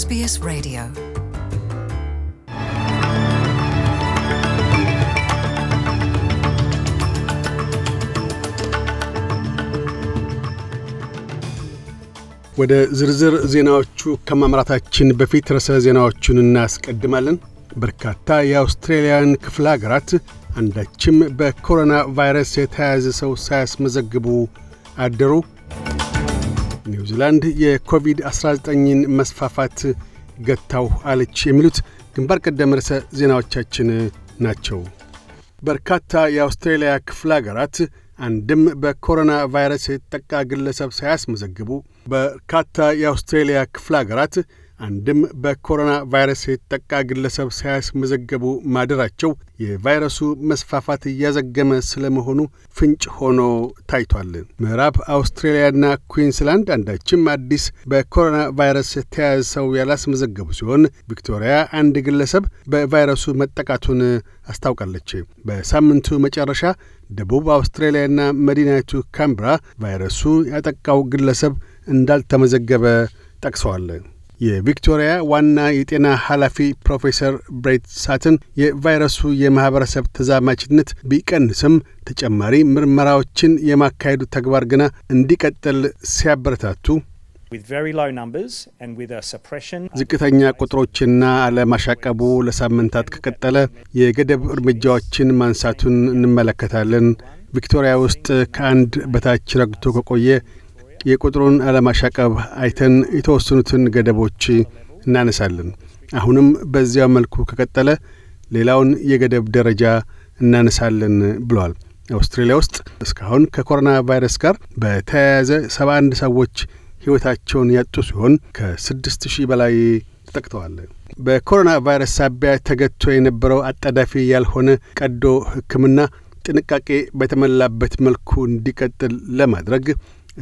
SBS Radio. ወደ ዝርዝር ዜናዎቹ ከማምራታችን በፊት ርዕሰ ዜናዎቹን እናስቀድማለን። በርካታ የአውስትሬልያን ክፍለ አገራት አንዳችም በኮሮና ቫይረስ የተያያዘ ሰው ሳያስመዘግቡ አደሩ። ኒውዚላንድ የኮቪድ-19ን መስፋፋት ገታው አለች የሚሉት ግንባር ቀደም ርዕሰ ዜናዎቻችን ናቸው። በርካታ የአውስትራሊያ ክፍለ አገራት አንድም በኮሮና ቫይረስ የተጠቃ ግለሰብ ሳያስመዘግቡ በርካታ የአውስትሬልያ ክፍለ አገራት አንድም በኮሮና ቫይረስ የተጠቃ ግለሰብ ሳያስመዘገቡ ማደራቸው የቫይረሱ መስፋፋት እያዘገመ ስለመሆኑ ፍንጭ ሆኖ ታይቷል። ምዕራብ አውስትሬልያና ኩዊንስላንድ አንዳችም አዲስ በኮሮና ቫይረስ የተያዘ ሰው ያላስመዘገቡ ሲሆን ቪክቶሪያ አንድ ግለሰብ በቫይረሱ መጠቃቱን አስታውቃለች። በሳምንቱ መጨረሻ ደቡብ አውስትሬልያና መዲናይቱ ካምብራ ቫይረሱ ያጠቃው ግለሰብ እንዳልተመዘገበ ጠቅሰዋል። የቪክቶሪያ ዋና የጤና ኃላፊ ፕሮፌሰር ብሬት ሳትን የቫይረሱ የማኅበረሰብ ተዛማችነት ቢቀንስም ተጨማሪ ምርመራዎችን የማካሄዱ ተግባር ግና እንዲቀጥል ሲያበረታቱ ዝቅተኛ ቁጥሮችና አለማሻቀቡ ለሳምንታት ከቀጠለ የገደብ እርምጃዎችን ማንሳቱን እንመለከታለን። ቪክቶሪያ ውስጥ ከአንድ በታች ረግቶ ከቆየ የቁጥሩን አለማሻቀብ አይተን የተወሰኑትን ገደቦች እናነሳለን። አሁንም በዚያው መልኩ ከቀጠለ ሌላውን የገደብ ደረጃ እናነሳለን ብለዋል። አውስትሬሊያ ውስጥ እስካሁን ከኮሮና ቫይረስ ጋር በተያያዘ ሰባ አንድ ሰዎች ሕይወታቸውን ያጡ ሲሆን ከስድስት ሺህ በላይ ተጠቅተዋል። በኮሮና ቫይረስ ሳቢያ ተገጥቶ የነበረው አጣዳፊ ያልሆነ ቀዶ ሕክምና ጥንቃቄ በተሞላበት መልኩ እንዲቀጥል ለማድረግ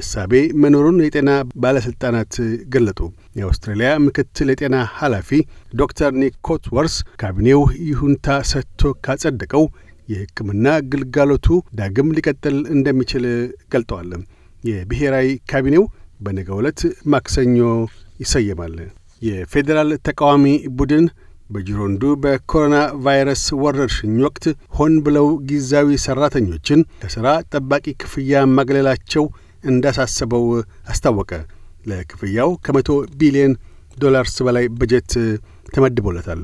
እሳቤ መኖሩን የጤና ባለሥልጣናት ገለጡ። የአውስትራሊያ ምክትል የጤና ኃላፊ ዶክተር ኒክ ኮትወርስ ካቢኔው ይሁንታ ሰጥቶ ካጸደቀው የሕክምና ግልጋሎቱ ዳግም ሊቀጥል እንደሚችል ገልጠዋል። የብሔራዊ ካቢኔው በነገ ዕለት ማክሰኞ ይሰየማል። የፌዴራል ተቃዋሚ ቡድን በጅሮንዱ በኮሮና ቫይረስ ወረርሽኝ ወቅት ሆን ብለው ጊዜያዊ ሠራተኞችን ከሥራ ጠባቂ ክፍያ ማግለላቸው እንዳሳሰበው አስታወቀ። ለክፍያው ከመቶ ቢሊዮን ዶላርስ በላይ በጀት ተመድቦለታል።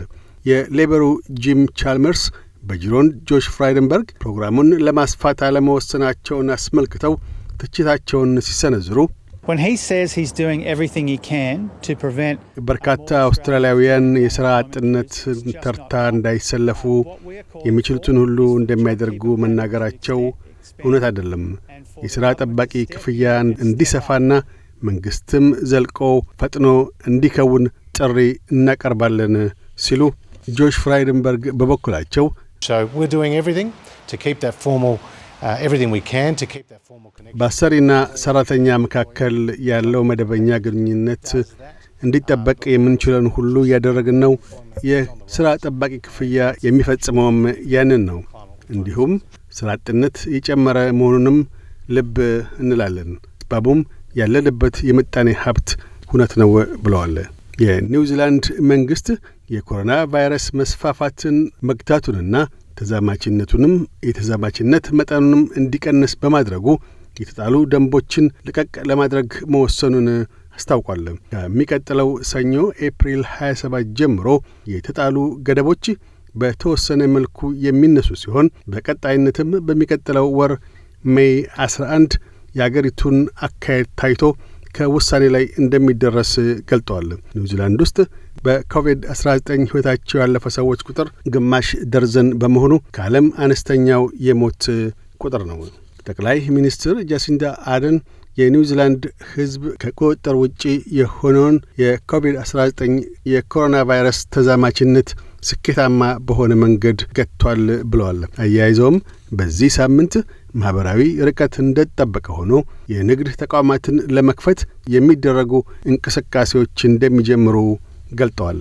የሌበሩ ጂም ቻልመርስ በጅሮን ጆሽ ፍራይደንበርግ ፕሮግራሙን ለማስፋት አለመወሰናቸውን አስመልክተው ትችታቸውን ሲሰነዝሩ በርካታ አውስትራሊያውያን የሥራ አጥነት ተርታ እንዳይሰለፉ የሚችሉትን ሁሉ እንደሚያደርጉ መናገራቸው እውነት አይደለም። የሥራ ጠባቂ ክፍያ እንዲሰፋና መንግሥትም ዘልቆ ፈጥኖ እንዲከውን ጥሪ እናቀርባለን ሲሉ ጆሽ ፍራይደንበርግ በበኩላቸው uh, በአሰሪና ሠራተኛ መካከል ያለው መደበኛ ግንኙነት እንዲጠበቅ የምንችለን ሁሉ እያደረግን ነው። የሥራ ጠባቂ ክፍያ የሚፈጽመውም ያንን ነው። እንዲሁም ስራጥነት የጨመረ መሆኑንም ልብ እንላለን። ባቡም ያለንበት የምጣኔ ሀብት ሁነት ነው ብለዋል። የኒውዚላንድ መንግስት የኮሮና ቫይረስ መስፋፋትን መግታቱንና ተዛማችነቱንም የተዛማችነት መጠኑንም እንዲቀንስ በማድረጉ የተጣሉ ደንቦችን ልቀቅ ለማድረግ መወሰኑን አስታውቋል። ከሚቀጥለው ሰኞ ኤፕሪል 27 ጀምሮ የተጣሉ ገደቦች በተወሰነ መልኩ የሚነሱ ሲሆን በቀጣይነትም በሚቀጥለው ወር ሜይ 11 የአገሪቱን አካሄድ ታይቶ ከውሳኔ ላይ እንደሚደረስ ገልጠዋል። ኒውዚላንድ ውስጥ በኮቪድ-19 ሕይወታቸው ያለፈ ሰዎች ቁጥር ግማሽ ደርዘን በመሆኑ ከዓለም አነስተኛው የሞት ቁጥር ነው። ጠቅላይ ሚኒስትር ጃሲንዳ አደን የኒውዚላንድ ሕዝብ ከቁጥጥር ውጪ የሆነውን የኮቪድ-19 የኮሮና ቫይረስ ተዛማችነት ስኬታማ በሆነ መንገድ ገጥቷል ብለዋል። አያይዘውም በዚህ ሳምንት ማኅበራዊ ርቀት እንደተጠበቀ ሆኖ የንግድ ተቋማትን ለመክፈት የሚደረጉ እንቅስቃሴዎች እንደሚጀምሩ ገልጠዋል።